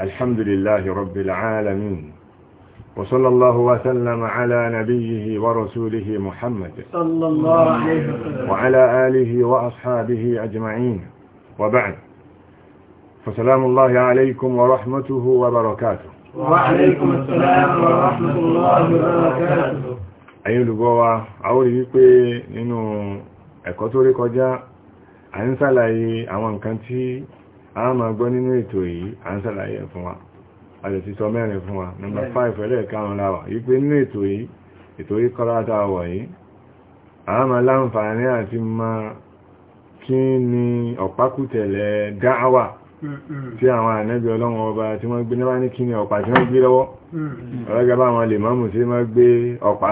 الحمد لله رب العالمين وصلى الله وسلم على نبيه ورسوله محمد صلى الله عليه وعلى آله وأصحابه أجمعين وبعد فسلام الله عليكم ورحمته وبركاته وعليكم السلام ورحمة الله وبركاته أيها الأخوة أولي بي نينو ẹ̀kọ́ tó rí kọjá à ń sàlàyé àwọn nǹkan tí a máa gbọ́ nínú ètò yìí à ń sàlàyé fún wa a lè ti sọ mẹ́rin fún wa nọmba 5 ẹlẹ́ẹ̀kárùn láwà yí pé nínú ètò yìí ètò yìí kọ́látà wọ̀ yìí a máa láǹfààní àti máa kí ni ọ̀pákùtẹ̀lẹ̀ dáhàwà tí àwọn ànẹ́bí ọlọ́run ọba tí wọ́n gbé ní wá ní kí ni ọ̀pá tí wọ́n gbé lọ́wọ́ ọlọ́gbẹ́ bá wọn lè mọ́mù tí wọ́n gbé ọ̀pá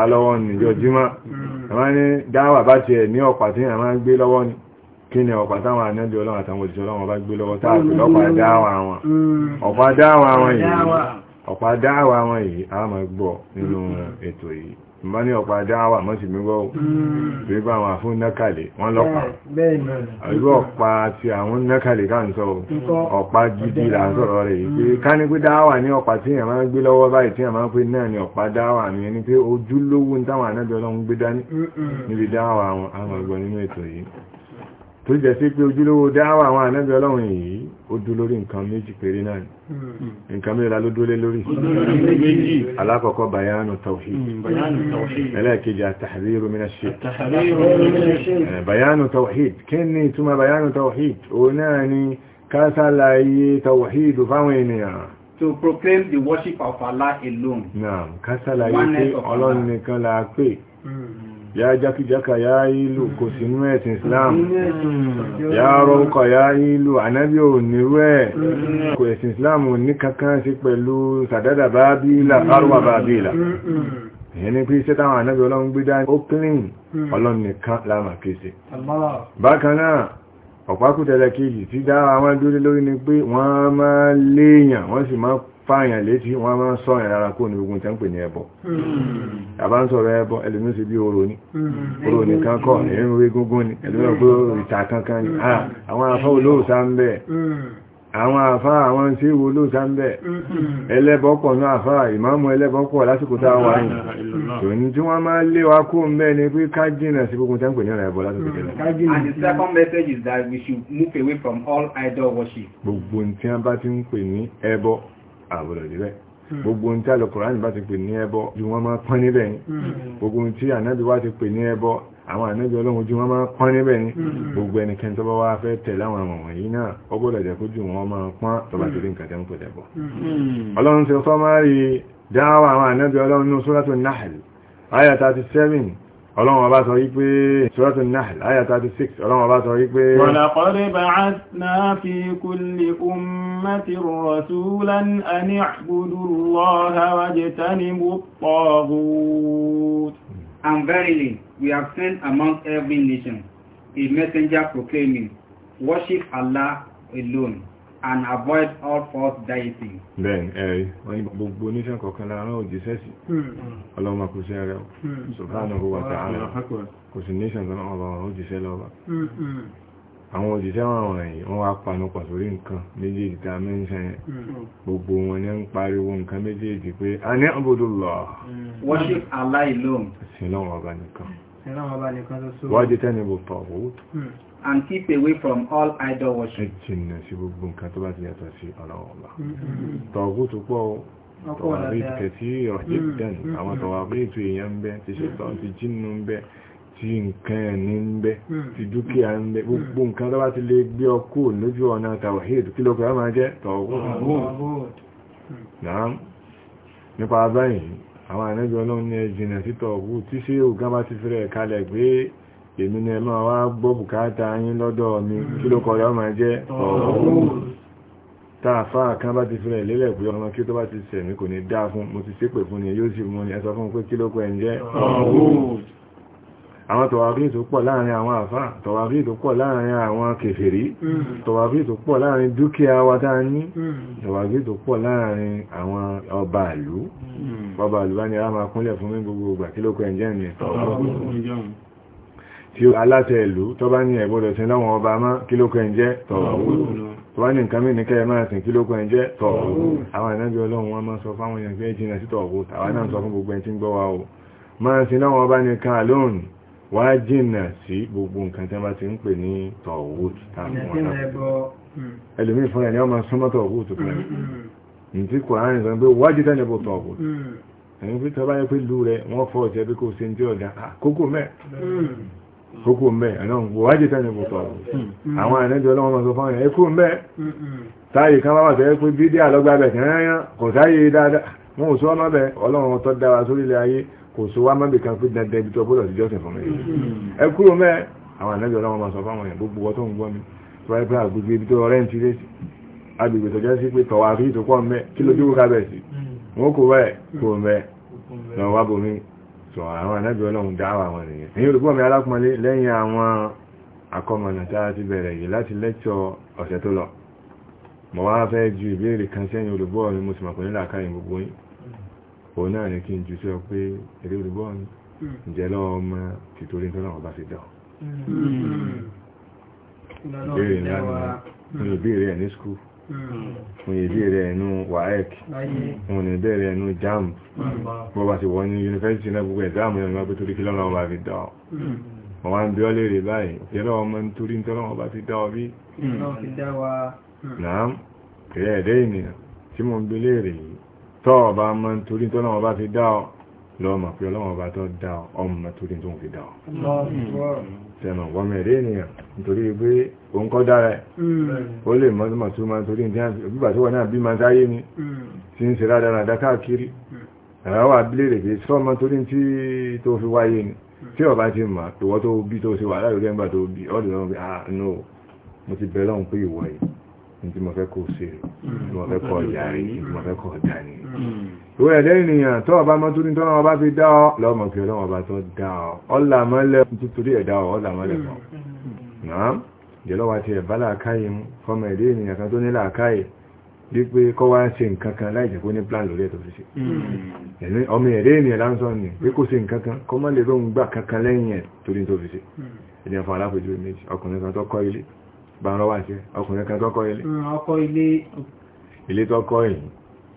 kí ni ọ̀pá táwọn ànábì ọlọ́run àtàwọn òṣìṣẹ́ ọlọ́run bá gbé lọ́wọ́ táàpì lọ́pá dáwà wọn ọ̀pá dáwà wọn yìí ọ̀pá dáwà wọn yìí a máa gbọ́ nínú ètò yìí mọ́ ní ọ̀pá dáwà mọ́ sí mígbọ́ bí bá wọn fún nákàlẹ̀ wọ́n lọ́pàá irú ọ̀pá tí àwọn nákàlẹ̀ ká ń sọ ọ̀pá gidi là ń sọ̀rọ̀ rẹ̀ pé ká ní pé dáwà ní ọ̀pá tí èèyàn máa ń gbé lọ́wọ́ báyìí tí èèyàn máa ń pè náà ní ọ̀pá dáwà mi ẹni pé ojúlówó táwọn ànábì ọlọ́run gbé dání níbi dáwà wọn a máa gbọ́ nínú ètò yìí tó jẹ́ sí pé ojúlówó dáwà àwọn ànábì ọlọ́run yìí ó dú lórí nǹkan méjì péré náà ni nǹkan mẹ́ra ló dúró lé lórí alákọ̀ọ́kọ́ bayanu tawhid hmm, ẹlẹ́ẹ̀kejì àtàríru mina ṣe eh, bayanu tawhid kí ni ìtumọ̀ bayanu tawhid ó náà ni kásàlàyé tawhid fáwọn ènìyàn to proclaim the worship of Allah alone. Naam, kásàlàyé pé ọlọ́run nìkan la pè. Hmm ya jákíjáka ya ilu kò sínú ẹ̀sìn islam ya rọ́kọ̀ ya ilu anábí ò nírú ẹ̀ kò ẹ̀sìn islam ní kankan sí pẹ̀lú sàdádà bábílà arwa bábílà mm-hmm. ẹni pé iṣẹ́ táwọn anábí ọlọ́run gbé dání ó clean mm-hmm. ọlọ́run nìkan láàmà kése bákan náà ọ̀pákùtẹ̀lẹ̀ kejì tí dára wọn dúró lórí ni pé wọ́n máa léèyàn wọ́n sì máa fáàyàn létí wọ́n máa ń sọ́yàn lára kó ní ogun tẹ́ǹpẹ̀ ní ẹbọ. àbá ń sọ̀rọ̀ ẹbọ ẹlòmí sí bí oró ní oró nìkan kọ́ ẹ̀yìn gúngún ní ẹlòmí ọgbọ́ ìta kankan ní ah, àwọn afá olóòsá ń bẹ àwọn afá àwọn tí wo olóòsá ń bẹ ẹlẹ́bọ̀pọ̀ náà afá ìmáàmù ẹlẹ́bọ̀pọ̀ lásìkò tá the second message is that we should move away from all idol worship àbúrò níbẹ̀ hmm. gbogbo ohun tí alukùránì bá ti pè ní ẹbọ ju wọn máa pọ́n níbẹ̀ ni hmm. gbogbo ohun tí ànábì wá ti pè ní ẹbọ àwọn ànábì ọlọ́run ju wọn máa pọ́n níbẹ̀ ni hmm. gbogbo ẹnikẹ́ni tó bá wá fẹ́ tẹ̀lé àwọn àwọn wọ̀nyí náà ó gbọ́dọ̀ jẹ́ kó ju wọn máa pọ́n tó bá ti rí nǹkan tẹ́ ń pè dẹ̀bọ. ọlọ́run ti sọ máa rí dáwà àwọn ànábì ọlọ́run ní Nahl ayat 37 ọlọ́run ọba sọ wípé Suratul Nahl àyà 36 ọlọ́run ọba sọ wípé walaqad ba'athna fi kulli ummatin rasulan an i'budu Allaha wajtanibu at-taghut And verily, we have sent among every nation a messenger proclaiming, worship Allah alone and avoid all false deities. Bẹ́ẹ̀ni, ẹ̀rí, wọ́n ní gbogbo oníṣẹ́ kọ̀ọ̀kan lára òjíṣẹ́ sí, hmm. ọlọ́run máa hmm. kò sí ẹrẹ o, subhanahu wa ta'ala, kò sí nation kan náà ọlọ́run òjíṣẹ́ lọ́ba. Hmm, àwọn òjíṣẹ́ wọn àwọn ẹ̀yìn, wọ́n wá panu pọ̀ sórí nǹkan méjèèjì tá a mẹ́ńṣẹ́ yẹn. Gbogbo wọn ni ń pariwo nǹkan méjèèjì pé a ní abudullah. Worship Allah alone. Sin lọ́wọ́ ọba nìkan. Sin lọ́wọ́ ọba nìkan tó sórí. Wọ́n jẹ́ tẹ́ni bò tọ̀ and keep away from all idol worship. Ẹ̀jìnà sí gbogbo nǹkan tó bá ti yàtọ̀ sí ọlọ́wọ́ ọba. Mm-hmm. Tọ̀gù tó pọ̀ tọ̀wàrí kẹtí ọ̀jẹ̀ mm-hmm. dẹ̀n, mm-hmm. àwọn tọ̀wàrí ètò èèyàn ń bẹ, ti ṣetán ti jínú ń bẹ, ti nǹkan ẹ̀ní ń bẹ, ti dúkìá ń bẹ, gbogbo nǹkan tó bá ti lè gbé ọkú lójú ọ̀nà tàwàhíd kí lókè máa jẹ́ tọ̀gù. Nípa báyìí, àwọn ànẹ́jọ́ ọlọ́run ní ẹ̀jìnà sí tọ̀gù tí ṣé ògá bá ti fẹ́rẹ̀ kalẹ̀ pé èmi ni ẹ máa wá gbọ́ bùkátà yín lọ́dọ̀ mi kí ló kọ̀ọ̀yọ́ máa jẹ́ ọ̀rọ̀ tààfà kan bá ti fẹ́rẹ̀ lélẹ̀ pé ọmọ kí tó bá ti sẹ̀mí kò ní dá fún mo ti ṣépè fún ni yóò sì mú ni ẹ sọ fún pé kí ló kọ ẹ̀ ń jẹ́ àwọn tọ̀wàrí tó pọ̀ láàrin àwọn àfá tọ̀wàrí tó pọ̀ láàrin àwọn kèfèrí tọ̀wàrí tó pọ̀ láàrin dúkìá wa tá ní tọ̀wàrí tó pọ̀ láàrin àwọn ọba ìlú ọba ìlú bá a máa kúnlẹ̀ fún mi gbogbo ìgbà kí ló kọ ni tí aláṣẹ ìlú tó bá ní ẹ̀gbọ́dọ̀ sí láwọn ọba má kílókù ẹ̀jẹ́ tọ̀wọ̀ tó bá ní nǹkan mí ní kẹ́ẹ̀ máa sìn kílókù ẹ̀jẹ́ tọ̀wọ̀ àwọn ànábì ọlọ́run wọn máa sọ fáwọn èèyàn pé jìnà sí tọ̀wọ̀ àwọn náà sọ fún gbogbo ẹni tí ń gbọ́ wa o máa sìn láwọn ọba nìkan lónìí wá jìnà sí gbogbo nǹkan tí wọ́n ti ń pè ní tọ̀wọ̀ ẹlòmíì fún ẹni ọmọ súnmọ́ tọ̀wọ̀ tó kàn ní tí kòránì sọ pé wájú tẹ́lẹ̀bọ̀ tọ̀wọ̀ ẹ̀yìn pé tọ́bá yẹ pé lú rẹ̀ wọ́n fọ́ ọ̀tẹ́ bí kò se ń tí ọ̀dá kókò mẹ́ kókó mbẹ ẹ̀nà wọ́wájì tẹ́lẹ̀ kò sọ̀rọ̀ hmm. àwọn ànẹ́jọ́ ọlọ́wọ́ máa sọ fún ẹ̀ kó mbẹ táyì kan wáwà tẹ́ pé bídí àlọ́gbàbẹ̀ kẹ́rẹ́yàn kò táyì dáadáa wọn ò sọ ọmọ bẹ ọlọ́run tó dára sórí ilẹ̀ ayé kò sọ wá mọ́bì kan pé dandan ibi tó gbọ́dọ̀ sí jọ́sìn fún mi hmm, hmm. ẹ kúrò mbẹ àwọn ànẹ́jọ́ ọlọ́wọ́ máa sọ fún àwọn gbogbo wọ́n tó ń gbọ́ mi tó pé àgbègbè ibi tó rẹ́ so àwọn ànábì ọlọ́run dáwà wọn nìyẹn èyí olùgbọ́ mi alákùnmọ́lé lẹ́yìn àwọn akọmọ̀nà tá a ti bẹ̀rẹ̀ yìí láti lẹ́tọ̀ ọ̀sẹ̀ tó lọ mo wá fẹ́ ju ìbéèrè kan sẹ́yìn olùgbọ́ mi mo sì mọ̀ pé nílà káyìn gbogbo yín òun náà ní kí n ju sí ọ pé èrè olùgbọ́ mi ǹjẹ́ lọ́wọ́ ọmọ tìtorí tó náà bá ti dọ̀ hmm. hmm. ìbéèrè ńlá ni hmm. ìbéèrè ẹ̀ ní skul fún hmm. ìbéèrè ẹnu waec wọn ni bẹ̀rẹ̀ jam bọ́ hmm. bá ti wọ́n ní yunifásitì náà gbogbo ẹ̀dáàmù ẹ̀mọ́ pé torí kí lọ́lọ́wọ́ bá fi dá ọ hmm. wọ́n wá ń bí ọ léèrè báyìí yẹ́lọ́ ọmọ ń torí tọ́lọ́wọ́ bá fi dá ọ bí náà kìrẹ́ ẹ̀dẹ́ ènìyàn tí mo ń bí léèrè yìí tọ́ ọba mọ́ ń fi dá ọ lọ́mọ òun kọ́ dára ẹ̀ hmm. ó lè mọ́tọ́mọ̀ tó máa torí ìdí àbíbà tó wà náà bí máa sáyé ni hmm. tí ń ṣe rádaràdá káàkiri hmm. àwọ́ abílé rẹ̀ pé sọ́mọ́ torí tí tó fi wáyé ni tí ọba ti mà tòwọ́ tó bí tó ṣe wà láìrí ẹgbà tó bí ọ́dọ̀ lọ́wọ́ pé ah no mo ti bẹ̀rẹ̀ òun pé ìwọ yìí ní tí mo fẹ́ kó ṣe rẹ̀ tí mo fẹ́ kọ́ ọjà rẹ̀ tí mo fẹ́ kọ́ ọjà ni ìwọ ẹ̀dẹ́ ènìyàn tó ọba mọ́ torí tọ́nà ọba fi dá ọ lọ́mọ kí ọlọ́mọ ọba tó dá ọ ọlà mọ́lẹ̀ nítorí ẹ̀dá ọ ọlà mọ́lẹ̀ kan jẹ́lọ́wà ti ẹ̀bá làákáyé mú fọmọ èdè ènìyàn kan tó ní làákáyé wípé kọ́ wá ṣe nǹkan kan láìjẹ́ kó ní plan lórí ẹ̀tọ́ ṣíṣe hmm. ọmọ èdè ènìyàn lásán ni pé kò ṣe nǹkan kan kọ́ mọ́ lè rọ́n gbà kankan lẹ́yìn ẹ̀ torí tó fi ṣe ènìyàn hmm. fún alápèjú méjì ọkùnrin kan tó kọ́ ilé bá ń rọ́wà sí ọkùnrin kan tó kọ́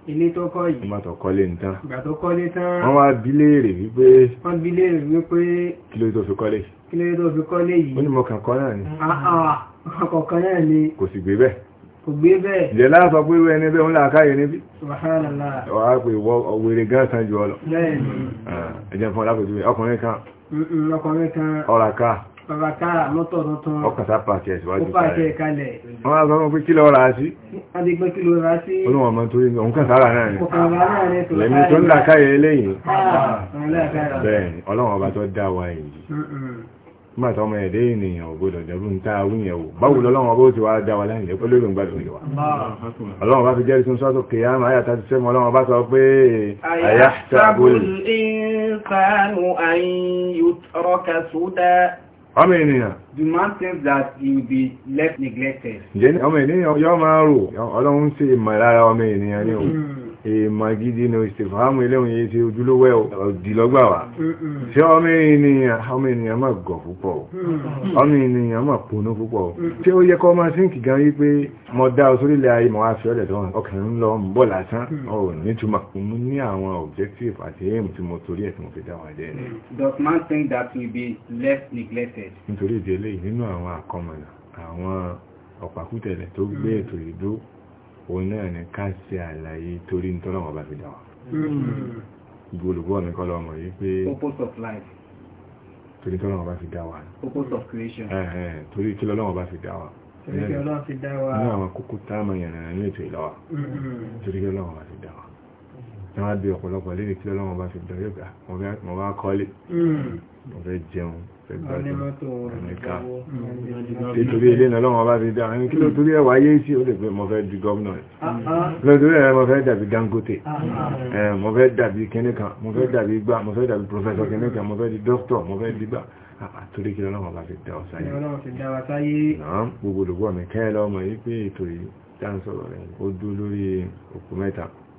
ilé tó kọ́ yìí. ìgbà tó kọ́lé ní tán. ìgbà tó kọ́lé tán. wọ́n wá bi léèrè wípé. wọ́n bi léèrè wípé. kí ló tó fi kọ́lé. kí ló tó fi kọ́lé yìí. ó ní mo kàn kọ́ náà ni. Ah, ah, ọkọ̀ kan náà ni. kò sì gbé bẹ́ẹ̀. kò gbé bẹ́ẹ̀. ìjẹ́ láàfọ̀ pé wẹ́n ní bẹ́ẹ̀ ń là káyé níbí. wàá pè wọ òwèrè gán san jù ọ lọ. bẹ́ẹ̀ ah, fún ọlápẹ̀jú ọkùnrin kan. ọ̀rà ká bàbá kára mọ́tò tuntun ọkàtà pàṣẹ ìṣíwájú kalẹ̀ wọ́n á sọ́wọ́n pé kí lọ rà á sí adigbẹ́ kí lọ rà á sí olùwọ̀n mọ́ torí òun kàn ah, ọmọ ẹ̀dẹ́ ènìyàn ògbódò jẹ́rú ń tá báwo lọ́lọ́run ọba ti wá dá wa láyìn lẹ́pẹ́ ìwà How ènìyàn? You man says that he will be left neglected. Ǹjẹ́ ọmọ ènìyàn yọ́ máa rò, ọlọ́run ṣe ìmọ̀ ọmọ ènìyàn ni o. Hmm èèmọ̀ gidi ni ìsìnfàámù eléhùn yìí ti ojúlówó ọ̀dìlọ́gbà wa tí ọmọ ènìyàn ọmọ ènìyàn máa gọ̀ púpọ̀ ọmọ ènìyàn máa pònú púpọ̀ tí ó yẹ kọ́ máa sínkì gan wípé mo dá ọ sórílẹ̀ ayé mo wá fi ọ́lẹ̀ tó ọkùnrin lọ ń bọ̀ lásán ọ̀ nítumọ̀ mo ní àwọn objective àti aim tí mo torí ẹ̀ tí mo fi dá wọn jẹ́ ni. does man think that will be less neglected. nítorí ìdílé nínú àwọn àkọmọ̀nà àwọn ọ̀pàkùtẹ̀lẹ̀ tó gbé ètò ìdó òun náà ni ká ṣe àlàyé torí ní tọ́lọ́wọ́ bá fi dà wá hmm. olùgbọ́ mi kọ́ lọ́mọ yìí pé purpose of life torí tọ́lọ́wọ́ bá fi dà wá purpose of creation torí kí lọ́lọ́wọ́ bá fi dà wá torí kí lọ́lọ́wọ́ fi dà wá ní àwọn kókó táàmù yẹn nínú ètò ìlọ́wà hmm. torí kí lọ́lọ́wọ́ bá fi dà wá tí wọ́n bí ọ̀pọ̀lọpọ̀ lè kí ọlọ́wọ́n bá fi dọ̀rẹ́ gbà wọ́n bá kọ́lé wọ́n hmm. fẹ́ jẹun fẹ́ gbádùn ẹ̀ka nítorí ilé náà lọ́wọ́n bá fi dá àwọn kí ló torí ẹ̀wà ayé sí ó lè pé mo fẹ́ di gọ́ọ̀nà ah, ah. lọ́torí ẹ̀rẹ́ mo fẹ́ dàbí Dangote ah, eh, mo fẹ́ dàbí kẹ́nìkan mo fẹ́ dàbí gbá mo fẹ́ dàbí pòfẹ́sọ̀ kẹ́nìkan mo fẹ́ di dókítọ̀ mo fẹ́ di gbá torí kí ọlọ́wọ́n bá fi dá ọ sáyé gbogbo olùgbọ́ mi kẹ́ lọ́mọ yìí pé ètò yìí dáńsọ̀rọ̀ rẹ̀ ó dúró lórí òkú mẹ́ta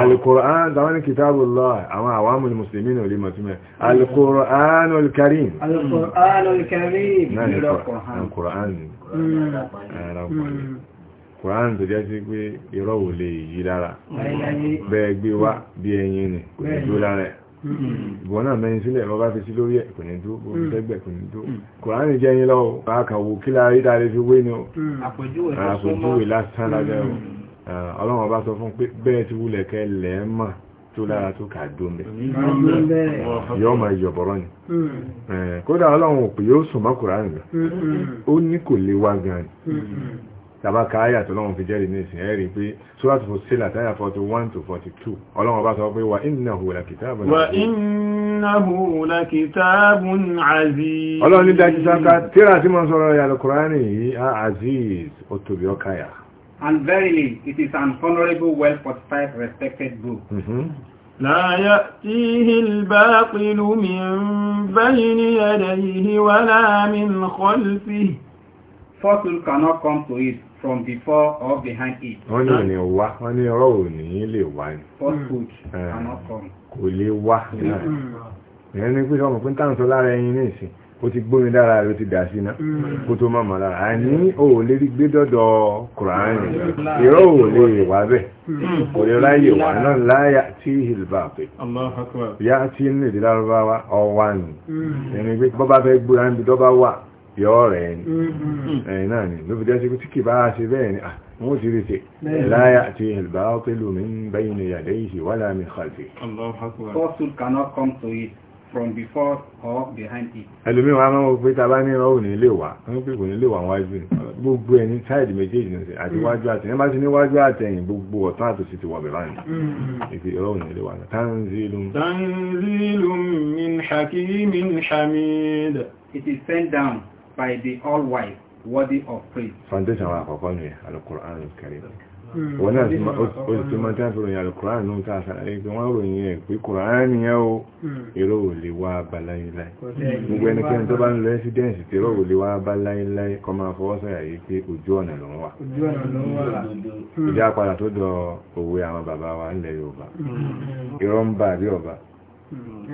alukur'an tàwọn ní kitabullah àwọn àwámù musulmi ní orí mọ̀túnmẹ́ alukur'an olkarim alukur'an náà ní alukur'an mm. mm. tó jẹ́ sí ìbọn náà mẹ́rin sílẹ̀ bá fi sí lórí ẹ̀ kò ní mm. kò ní jẹ́ Eh, ọlọ́wọ́n bá sọ fún pé bẹ́ẹ̀ ti wúlẹ̀ kẹ́ lẹ́ẹ̀mà tó lára tó kà dómẹ̀ yọ́ ma yọ̀bọ̀rọ̀ ni kódà ọlọ́wọ́n òpè yóò sùn mọ́ Kùránì rẹ̀ hmm, hmm. ó ní kò lè wá gan ni hmm, tàbá ka tó lọ́wọ́n fi jẹ́rìí ní ìsìn ẹ̀rí pé sóràtù fún sílà táyà 41 42 ọlọ́wọ́n bá sọ pé wà innahu lakitabun innahu lakitabun aziz ọlọ́run ní dájú sáká tíra tí mo sọ̀rọ̀ yàrá Kùránì yìí aziz ó tóbi ọkáyà And verily, it is an honorable, well-fortified, respected book. Mm-hmm. لا يأتيه الباطل من بين يديه ولا من خلفه Fortune cannot come to it from before or behind it. Wọ́n ní òní wá, wọ́n ní ọ̀rọ̀ òní lè cannot eh, come. Kò lè wá náà. Mm-hmm. Ìyẹn ni pé ọmọ pé ń ó ti gbóyin lára rẹ̀ ó ti dà sí iná mm. kó tó máa mọ̀ lára àní ò lè rí gbé dọ́dọ̀ kùránì ìró mm. ò lè wà bẹ́ẹ̀ mm. kò lè ráyè wà náà láyà tí ìlbà pé yá tí ń lè lárúbáwá ọwà nì ẹni pé bọ́bá fẹ́ gbóra níbi tó wà yọ rẹ̀ ni mm-hmm. ẹ̀yìn náà ni ló fi jẹ́ sí kì bá ṣe bẹ́ẹ̀ ni wọ́n ti rí ṣe láyà tí ìlbà pẹ̀lú mi ń bẹ́yìn ìyàdẹ́yìí wà láàmì khalfi from before or behind it. ẹlòmíì wọn máa ń pè tá bá ní ìrànwọ́ ní ilé wa wọn pè kò ní ilé wa wájú ni gbogbo ẹni child méjèèjì ní àti mm. wájú àtẹ̀yìn ẹ bá ti ní wájú àtẹ̀yìn gbogbo ọ̀tún àtòsí ti wà bẹ̀rẹ̀ láàyè mm. ìfi ìrànwọ́ ní ilé wa náà. tanzilum. tanzilum min hakimin hamid. it is sent down by the all-wise worthy of praise. foundation wa àkọ́kọ́ ni alukur'an karim. Hmm. wọ́n náà ti máa tí a fi ròyìn alukùránì ní ta àṣàlàyé pé wọ́n ròyìn ẹ̀ pé kùránì yẹn o hmm. èrò ò lè wá bá láíláí gbogbo ẹnikẹ́ni tó bá ń lọ ẹ́sídẹ́ǹsì tí èrò ò lè wá bá láíláí kọ́ máa fọwọ́ sọ̀yà yìí pé ojú ọ̀nà ló ń wà hmm. ìdí apàdà tó dọ òwe àwọn bàbá wa ńlẹ̀ Yorùbá irọ́ ń bà bí ọba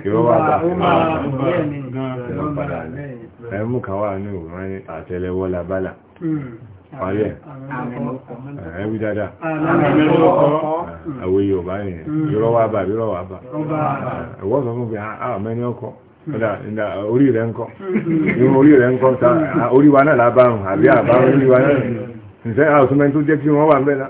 irọ́ wà bá ìlọ́ padà ní ẹ̀mú kan wà ní òun àtẹ́lẹwọ́ labálà parí ẹ̀ ẹ̀wí dáadáa àwẹ̀ yorùbá yẹn yọrọ wà bá yọrọ wà bá ẹ̀wọ́ sọ fún mi àmẹ́ni ah, ah, ọkọ̀ mm. orí rẹ̀ ńkọ́ mm. irun orí rẹ̀ ńkọ́ ta ah, orí wa náà lábàrùn àbí àbárùn orí wa náà mm. ǹsẹ́ àwọn ọ̀sùnmẹ́ni tó jẹ́ kí wọ́n wà ń bẹ́ẹ̀ náà.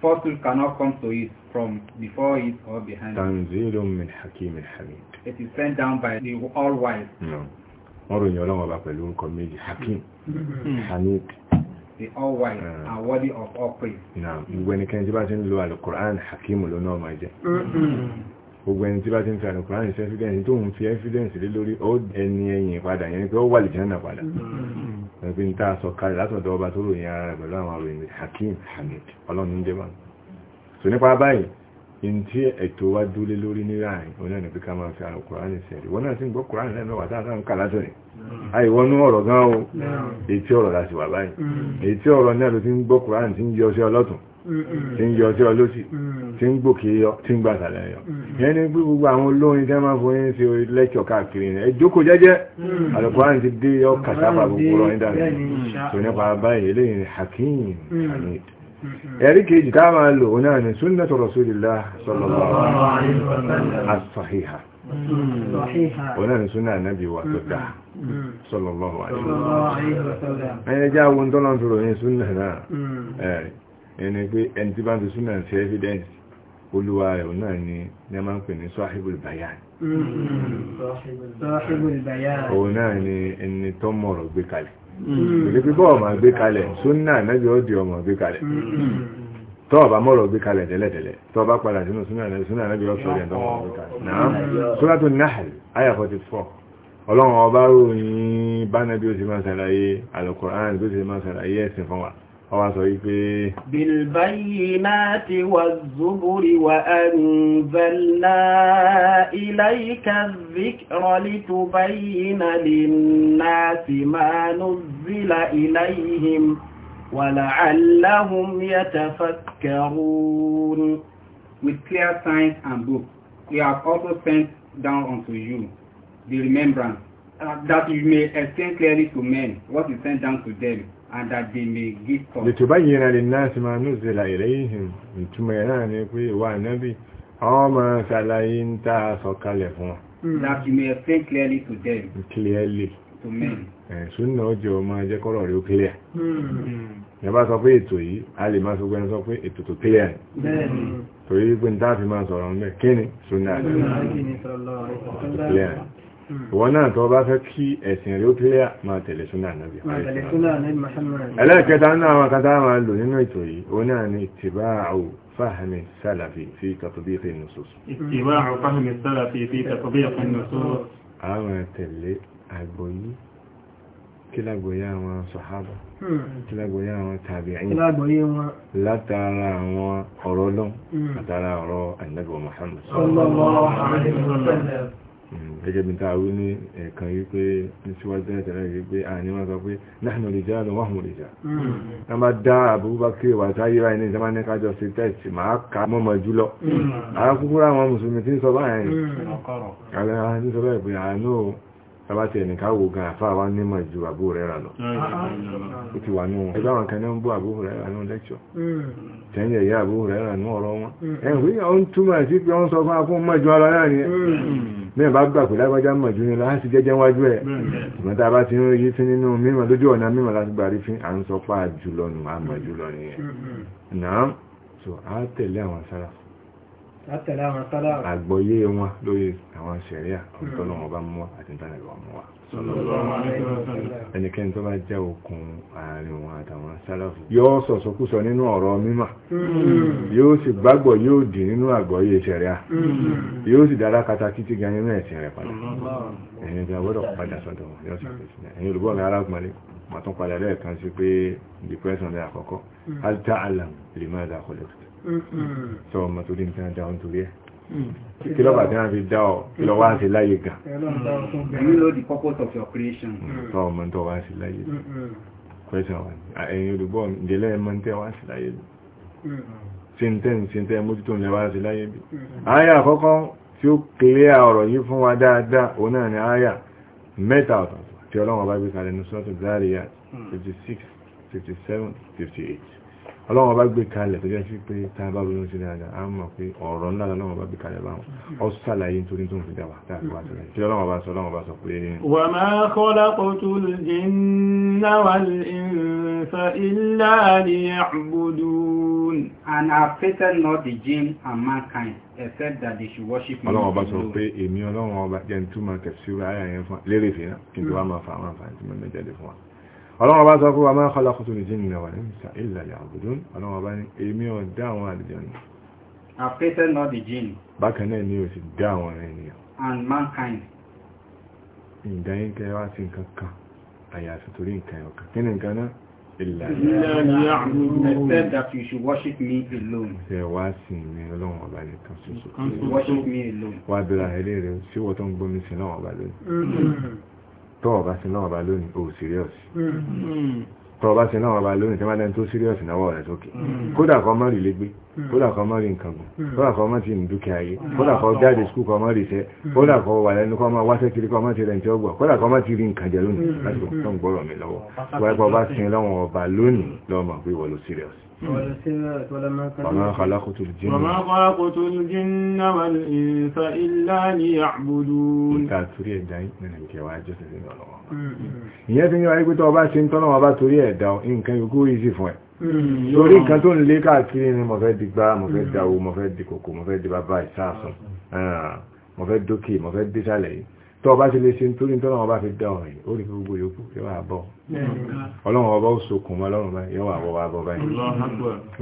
Fortune cannot come to it from before it or behind it. min hakimin hamid. It is sent down by the all-wise. Wọ́n ròyìn ọlọ́wọ́ bá pẹ̀lú orúkọ méjì, Hakim, hmm. Hamid. The all-wise hmm. are worthy of all praise. Gbogbo ẹnikẹ́ni tí bá ti ń lo Al-Qur'an, Hakim ló náà máa jẹ́. Hmm gbogbo ẹni tí bá ti ń fi àlùkùránì sí ẹ́fídẹ́ǹsì tó ń fi ẹ́fídẹ́ǹsì lé lórí ó ẹni ẹ̀yìn padà yẹn pé ó wà lè jẹ́nà padà mm. ẹgbẹ́ ní táà sọ kalẹ̀ látọ̀dọ̀ ọba tó ròyìn ara pẹ̀lú àwọn ròyìn Hakim Hamid ọlọ́run ń jẹ́bà so nípa báyìí in tí ẹ̀tọ́ wa dúlé lórí ní láàrin oní ẹni pé ká máa fi àlùkùránì sí ẹ̀rí wọn náà sì ń gbọ́ kùránì lẹ́nu wà táà ń kà látọ̀rẹ̀ mm. àìwọnú ọ̀rọ̀ gan o mm. ètí ọ̀rọ̀ láti wà báyìí ètí ọ̀rọ̀ náà ló ti ń gbọ́ kùránì tí ń yọ sí ọlọ́tún tí ń yọ sí ọ tí ń gòkè yọ tí ń gba àtàlẹ̀ yọ yẹn ni pé gbogbo àwọn olórin tí máa fún yín ṣe lẹ́kọ̀ọ́ káàkiri yẹn jókòó jẹ́jẹ́ hmm. àlùkòrán ti dé yọ kàtàbà gbogbo rọ̀ nídà tó nípa báyìí eléyìí ni hakeem hmm. hamid hmm. ẹ̀rí kejì ká máa lò náà ni sunnatu rasulillah sallallahu alaihi wasallam as-sahiha ọ̀nà ni súnà ànábì wa tó dáa sallallahu alaihi wasallam ẹ̀yẹ jáwọn tọ́lọ́ ẹni pé ẹni tí bá ń fi súnà sí evidence olúwa rẹ̀ náà ni ní a máa ń pè ní sahibul bayan òun náà ni ẹni tó mọ̀rọ̀ gbé kalẹ̀ ìlú pípọ̀ ọmọ gbé kalẹ̀ súnà náà yóò di ọmọ gbé kalẹ̀ mm. tọ́ọ̀bá mọ́rọ̀ gbé kalẹ̀ tẹ́lẹ̀tẹ́lẹ̀ tọ́ọ̀bá padà sínú súnà náà yóò sọ̀rọ̀ ẹ̀dọ́ mọ̀rọ̀ gbé kalẹ̀ náà Suratun Nahl ayah 44 ọlọ́run ọba ròyìn bá náà bí ó ti máa ṣàlàyé Al-Qur'an bí ó ọwá sọ wípé bilbayyinati wazzuburi wa anzalna ilayka adh-dhikra litubayyina lin-nasi ma nuzzila ilayhim wa la'allahum yatafakkarun With clear signs and books, we have also sent down unto you the remembrance, uh, that you may explain clearly to men what is sent down to them litubayyana linnasi ma nuzila ilayhim ìtumọ̀ yẹn náà ni pé ìwà nábì àwọn ọmọ ṣàlàyé ń ta sọ̀kalẹ̀ mm. clearly ṣúnà ó jẹ́ ọmọ ẹjẹ́ kọ́rọ̀ rí ó clear mm. yẹba sọ pé ètò yìí a lè máa sọgbẹ́ni sọ pé ètò tó clear torí pé ní táàfin máa sọ̀rọ̀ ń bẹ̀ kí ni ṣúnà Hmm. wọn náà tó bá fẹ́ kí ẹ̀sìn rí ó kílẹ̀ máa tẹ̀lé súnà ànábì ẹlẹ́ẹ̀kẹta náà àwọn akátá máa lò nínú ètò yìí ó náà ní ìtìbáàù fahmi sálàfì fi tatbiq an-nusus ìtìbáàù fahmi sálàfì fi tatbiq an-nusus àwọn tẹ̀lé àgbọ́yé hmm. kílágbòyé àwọn sọ̀hábà kílágbòyé àwọn tàbí'ìn látara àwọn ọ̀rọ̀ lọ́n àtara hmm. ọ̀rọ̀ ànábì Muhammad sallallahu alaihi wasallam Mm, gẹ́gẹ́ bí táa wí ní ẹ̀kan wípé ní síwájú ẹ̀tẹ̀lẹ́ wípé àní wọ́n sọ pé nahnu rijalun wa hum rijal mm. wọ́n bá dá Abubakar wà táyé wáyé ní ìjọba ní kájọ sí tẹ́ẹ̀tì máa ka mọ́mọ́ jùlọ mm. àwọn kúkúrú àwọn mùsùlùmí tí ń sọ báyẹn àwọn tí ń sọ báyẹn pé àánú tabati ẹni ká wo gan àfáà wá nímọ̀ ju àbú rẹ̀ rà lọ ó ti wà níwọ̀n tẹ́yìn ẹ̀yà àbú rẹ̀ rà ní ọ̀rọ̀ wọn ẹ̀wí ó ń túmọ̀ sí pé wọ́n sọ fún akún mọ́jú ara náà ni mẹ́rin bá gbà pé lágbájá mọ̀ jù ní lọ láti jẹ́jẹ́ wájú ẹ̀ ṣùgbọ́n tá a bá ti ń rí fín nínú mímọ̀ lójú ọ̀nà mímọ̀ láti gbà rí fín à ń sọ jùlọ nù àmọ̀ jùlọ nìyẹn náà so a tẹ̀lé àwọn sára àgbọ̀yé wọn lórí àwọn sẹ̀ríà ọ̀tọ́lọ́wọ́n bá mú wa àti ìtànà ìwà mú wa ẹnikẹ́ni tó bá jẹ́ òkun àárín wọn àtàwọn sálàfù yóò sọ̀sọ̀kúsọ nínú ọ̀rọ̀ mímọ̀ hmm. yóò sì gbàgbọ́ yóò dì nínú àgbọ́yé ṣẹ̀ríà hmm. yóò sì dára kata títí gan nínú ẹ̀sìn rẹ̀ padà ẹ̀yin ìjà gbọ́dọ̀ padà sọ́dọ̀ wọn yóò sàkóso ẹ̀yin olùgbọ́ mi arákùnrin màá tún padà lẹ́ẹ̀kan sí pé depression lẹ́ àkọ́kọ́ hmm. alta alam lè máa dà kọ́lẹ̀ sọ ọmọ torí nǹkan dáhùn torí ẹ̀ kí lọ́bà tí wọ́n fi dá ọ kí lọ wá ń ṣe láyé gan. you know the purpose of your creation. tọ́ ọmọ tó wá ń ṣe láyé question wa ẹ̀yin olùgbọ́ ìdílé ẹmọ tẹ́ wá ń ṣe láyé bí síntẹ́ síntẹ́ mójútó ń lẹ wá ń ṣe láyé bí. àyà àkọ́kọ́ tí ó kílẹ̀ ọ̀rọ̀ yìí fún wa dáadáa òun náà ni àyà mẹ́ta ọ̀tọ̀ọ̀tọ̀ tí ọlọ́wọ́n bá gbé kalẹ̀ ní sọ́tò Zariyat 56 57 58 ọlọ́wọ́n bá gbé kalẹ̀ tó jẹ́ sí pé tá a bá ronú dáadáa a mọ̀ pé ọ̀rọ̀ ńlá lọ́wọ́n bá gbé kalẹ̀ báwọn ọ sàlàyé nítorí tó ń fi dáwà tá a fi and I created not the jinn and mankind except that they should worship me. ọlọ́wọ́n ọlọ́wọ́ bá sọ fún wa máa kọ́lá kùtù nìjì nìyà wà ní ìsà ilẹ̀ yàgùdún ọlọ́wọ́ bá ní èmi ò dá àwọn àlùjànnú. I've created not the jinn. bákan náà ni o sì dá àwọn ènìyàn. and mankind. ǹjẹ́ wá sí nǹkan kan àyàfi torí nǹkan ẹ̀yọ̀kan kí ni nǹkan náà. ilẹ̀ yàgùdún. I that you should worship me alone. ṣe wá sí mi ọlọ́run ọba nìkan ṣoṣo tọ́wọ̀ bá sí náà bá lónìí o síríọ̀sì tọ́wọ̀ bá sí náà bá lónìí tí wọ́n dẹ́n tó síríọ̀sì náà wọ̀ rẹ̀ sókè mm-hmm. kódà kọ́ mọ́ rí lẹ́gbẹ́ mm-hmm. kódà kọ́ mọ́ rí nǹkan gùn mm-hmm. kódà kọ́ mọ́ ti ní dúkìá yé kódà kọ́ jáde skul kọ́ mọ́ rí sẹ́ kódà kọ́ wà lẹ́nu kọ́ mọ́ wáṣẹ́ kiri kọ́ mọ́ ti rẹ̀ tí ó gbọ́ kódà kọ́ mọ́ ti rí nǹkan jẹ lónìí láti gbọ́rọ̀ mi lọ́wọ́ wáyé kọ́ bá sin lọ́wọ́ ọba lónìí lọ́mọ pé وما خلقت الجن وما خلقت الجن والإنس إلا ليعبدون ta torí ẹ̀dá nínú ìkẹwàá jọ́sẹ̀ sínú ọlọ́wọ́ ìyẹn fi ń wáyé pé tó ọba ṣe ń tọ́nà ọba torí ẹ̀dá nǹkan yòókù ìsì fún ẹ̀ torí nǹkan tó ń lé káàkiri ni mo fẹ́ di gbá mo fẹ́ dáwó mo fẹ́ di kòkó mo fẹ́ di bàbá ìsáàsùn mo fẹ́ dókè mo fẹ́ désàlẹ̀ yìí tó bá ti lè ṣe nítorí nítorí wọn fi dá ọ̀rìn ó rí gbogbo yóò wà bọ́ ọlọ́run ọba ó sokùn mọ́ ọlọ́run bá yóò wà bọ́ wà bọ́ báyìí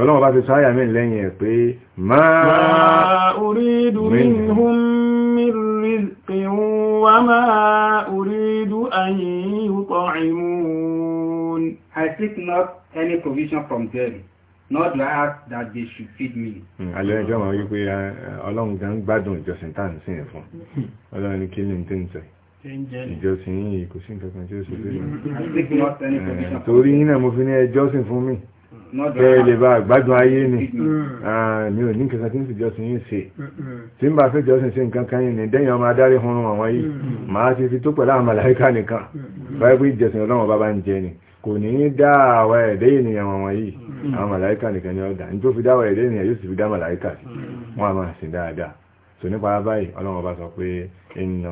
ọlọ́run bá ti sọ àyà lẹ́yìn ẹ̀ pé máa I seek not any provision from them Not do I ask that they should feed me. Hmm, Àlẹ́ ẹjọ́ máa wípé ah, ọlọ́run gan gbádùn ìjọsìn tá à ń sìn ẹ̀ fún. Hmm. Ọlọ́run ní kí ni tí ń sọ ìjọsìn yìí kò sí nǹkan kan tí ó ṣe lórí. Eh, torí yín náà mo fi ní ẹjọ́sìn fún mi bẹ́ẹ̀ hmm. lè bá gbádùn ayé ni ah, mi ò ní kẹsàn tí ń fi jọsìn yìí ṣe tí ń bá fẹ́ jọsìn sí nǹkan kan yìí ni dẹ́yìn ọmọ adarí hunrun àwọn yìí máa ti fi tó pẹ̀lú àwọn màláíkà nìkan báyìí pé ìjọsìn ọlọ́run bá bá ń jẹ ni kò ní dáàwà ẹ̀dẹ́ ènìyàn wọn wọ̀nyí hmm. àwọn màláíkà nìkan ni ọ̀dà ní tó fi dáàwà ẹ̀dẹ́ ènìyàn yóò sì fi dá màláíkà sí hmm. wọ́n a máa sìn dáadáa so nípa báyìí ọlọ́run ọba sọ pé inna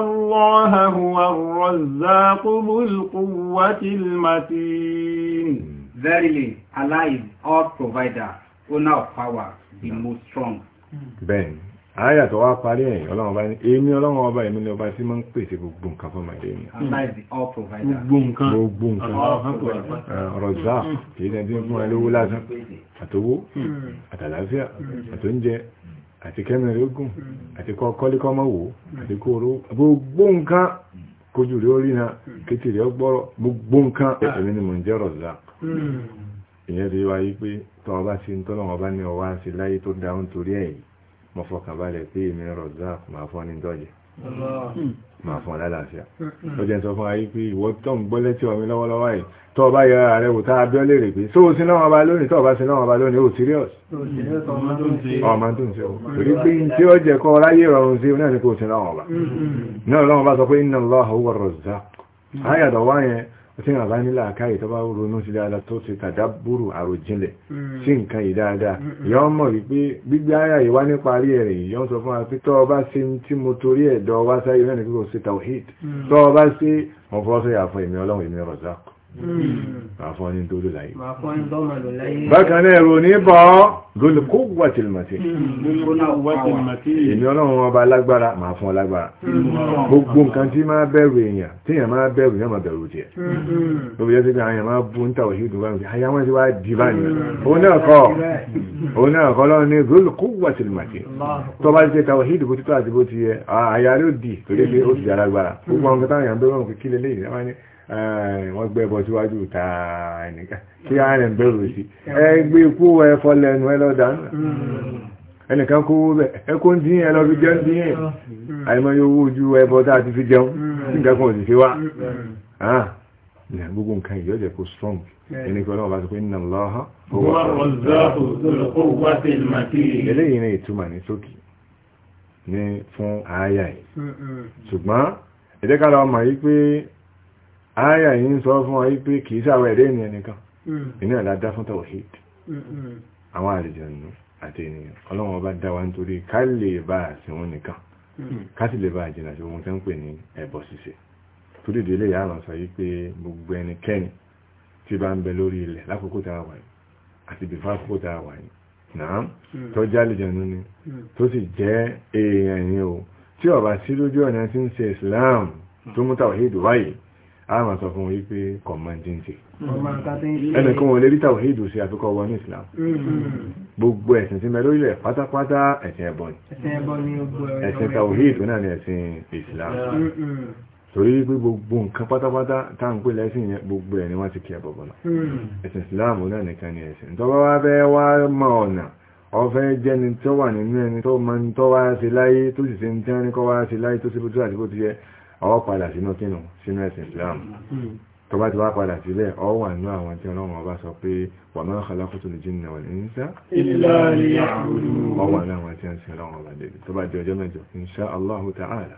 Allaha huwa ar-razzaqu dhul quwwatil matin hmm. verily Allah is all provider owner of power the most strong bẹ́ẹ̀ni àyà tó wá parí ẹ̀yìn ọlọ́run ọba ní èmi ọlọ́run ọba èmi ni ọba tí máa ń pèsè gbogbo nǹkan fún màdé mi. gbogbo nǹkan ọ̀rọ̀ zá kìí ṣe bí wọ́n fún wa lówó lásán àtowó hmm. àtàlàáfíà hmm. àtóúnjẹ hmm. àti kẹ́mìnrin ogun àti kọ́ kọ́líkọ́mọ́wò àti kó oró gbogbo nǹkan kojú rí orí na kékeré ọgbọ́rọ̀ gbogbo nǹkan èmi ni mò ń jẹ́ ọ̀rọ̀ zá ìyẹn ti wáyé pé tọ́ ọba sí ń tọ́lọ́ ọba ní ọwá sí láyé tó dáhùn torí ẹ̀yìn mo fọkàn balẹ̀ pé èmi Razzaq máa fún ní dọ́jẹ̀ máa fún lálàáfíà ó jẹ́ sọ fún ayé pé ìwọ tó ń gbọ́ létí ọmọ lọ́wọ́lọ́wọ́ yìí tó ọba yọ ara rẹ̀ wò tá a bí ọ léèrè pé só o sí náà ọba lónìí tó ọba sí náà ọba lónìí ó serious ọmọ tó ń ṣe o torí pé tí ó jẹ kọ ráyè rọrùn sí náà ni kò sí náà ọba náà lọ́wọ́ bá sọ pé inna Allaha tí wọ́n bá nílà àkáyì tó bá ronú sí dáadáa tó ti tàdábùrù àròjinlẹ̀ sí nǹkan yìí dáadáa yọ́ mọ̀ wípé gbígbé ayà yìí wá nípa rí ẹ̀rìn yọ́ sọ fún wa pé tọ́ ọba ṣe tí mo torí ẹ̀dọ́ wá sáyé lẹ́nu kíkọ́ sí tawhid mm. tọ́ ọba ṣe mọ̀ fọ́ sọ yà fún èmi ọlọ́run èmi Hmm. máa fọ́ ní tó lò láyé bákan náà ẹ̀rọ ní bọ́ gólù kó wà tí lè màtí hmm. èmi ọlọ́run ọba lágbára máa fún ọ lágbára hmm. gbogbo nǹkan tí máa bẹ̀rù èèyàn tí èèyàn máa bẹ̀rù èèyàn máa bẹ̀rù tiẹ̀ tó fi jẹ́ sí pé àwọn èèyàn máa bú ń tàwọ̀ sí ìdúgbà nìyí àyà wọn ti wá di báyìí òun náà kọ́ òun náà kọ́ lọ́run ní gólù kó wà tí lè tó bá ṣe tàwọ̀ sí ìdúgbò títọ́ bọ̀ síwájú tààrà nìkan kí á rẹ̀ bẹ̀rù sí ẹgbẹ́ ikú ẹfọ́ lẹ́nu ẹlọ́dàánù ẹnìkan kó wó bẹ̀ ẹkún dín ẹ lọ fi jẹun dín ẹ̀ àìmọ́ yóò wó ju ẹbọ tá a ti fi jẹun nǹkan kan ò sì wá gbogbo nǹkan yìí ọjọ́ kó strong ẹni pẹ̀lú ọba tó pé nínú lọ́ha eléyìí ní ìtumọ̀ ní sókè ní fún ààyà yìí ṣùgbọ́n ẹ̀dẹ́kàlọ́ ọmọ yìí pé àyà yìí ń sọ fún ọ pé kì í sáwọ ẹ̀dẹ́ ènìyàn nìkan mm. iná ìlàdá fún tawhid àwọn àlùjànnú àti ènìyàn ọlọ́run ọba dá wa nítorí ká lè bá àsìn wọn nìkan mm. ká sì lè bá àjìnà sí ohun tó ń pè ní ẹbọ ṣíṣe torí ìdílé yà máa sọ wípé gbogbo ẹnikẹ́ni tí bá ń bẹ lórí ilẹ̀ lákòókò tá a wà yìí àti bìfà àkókò tá a wà yìí náà mm. tó jẹ́ àlùjànnú ni tó sì jẹ́ èèyàn yìí o tí ó bá sí lójú ọ̀nà tí ń ṣe Islam tó mú tawhid wáyìí a máa sọ fún wọn wípé kọ̀mọ̀díntì ẹnìkan wọn lè rí tàwíìdù sí àfikọ́ wọn ní Islam gbogbo ẹ̀sìn tí mẹ́lú ilẹ̀ pátápátá ẹ̀sìn ẹbọ ni ẹ̀sìn tàwíìdù náà ni ẹ̀sìn Islam mm-hmm. torí wípé gbogbo nǹkan pátápátá tá ń pè lẹ́sìn yẹn gbogbo ẹ̀ ni wọ́n ti kí ẹbọ bọ̀ náà mm-hmm. ẹ̀sìn Islam náà nìkan ni ẹ̀sìn tọ́wọ́ wá fẹ́ wá mọ̀ ọ̀nà ọfẹ́ jẹ́ni tó wà nínú ẹni tó mọ́ tó wá sí láyé tó sì sí ní tí wọ́n ní kọ́ wá sí láyé tó sí bó tó àti bó ti yẹ ọ padà sínú kínú sínú ẹ̀sìn Islam hmm. tó bá ti wá padà sílẹ̀ ọ wà nínú àwọn tí ọlọ́run ọba sọ pé wà máa khalaqtu al-jinna wal-insa illa liya'budun ọ wà nínú àwọn tí ó ń sin ọlọ́run ọba débi tó bá di ọjọ́ mẹ́jọ insha Allahu ta'ala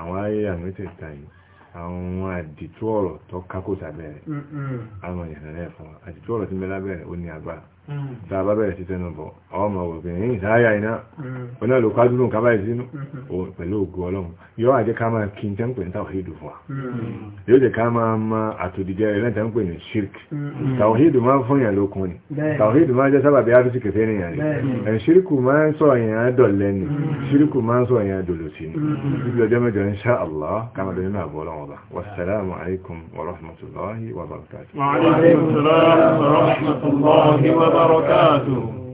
àwọn ayé àmẹ́tẹ̀ẹ̀ta yìí àwọn àdìtú ọ̀rọ̀ tó kákó sábẹ́rẹ̀ hmm, hmm. àwọn ìrìnlẹ̀ fún àdìtú ọ̀rọ̀ tí mẹ́lábẹ́rẹ̀ ó ní agbára Mm. tàbá bẹ̀rẹ̀ sí tẹnu bọ̀ ọmọ ọ̀gbìn ní ìsáyà iná oná mm. ló kájúrú nǹkan báyìí sínú mm-hmm. pẹ̀lú ògùn ọlọ́run yóò àjẹ́ ká máa kí n tẹ́ ń pè ní tàwọ̀hídù fún wa mm. yóò jẹ́ ká máa ma àtòdìjẹ́ rẹ̀ tẹ́ ń pè ní shirk mm-hmm. tàwọ̀hídù máa fún yàn lókun ni tàwọ̀hídù máa jẹ́ sábàbí áfíìsì kẹfẹ́ nìyàn ni shirku máa ń sọ yàn adọ̀lẹ́ ni mm-hmm. shirku máa ń sọ yàn adọ̀lọ́ sí ni bíbí ọjọ́ mẹ́jọ insha Allah kàmàdé nínú àbọ̀ ọlọ́run ọba wassalamu alaikum wa rahmatullahi wa wa alaikum wa barakatuh. وبركاته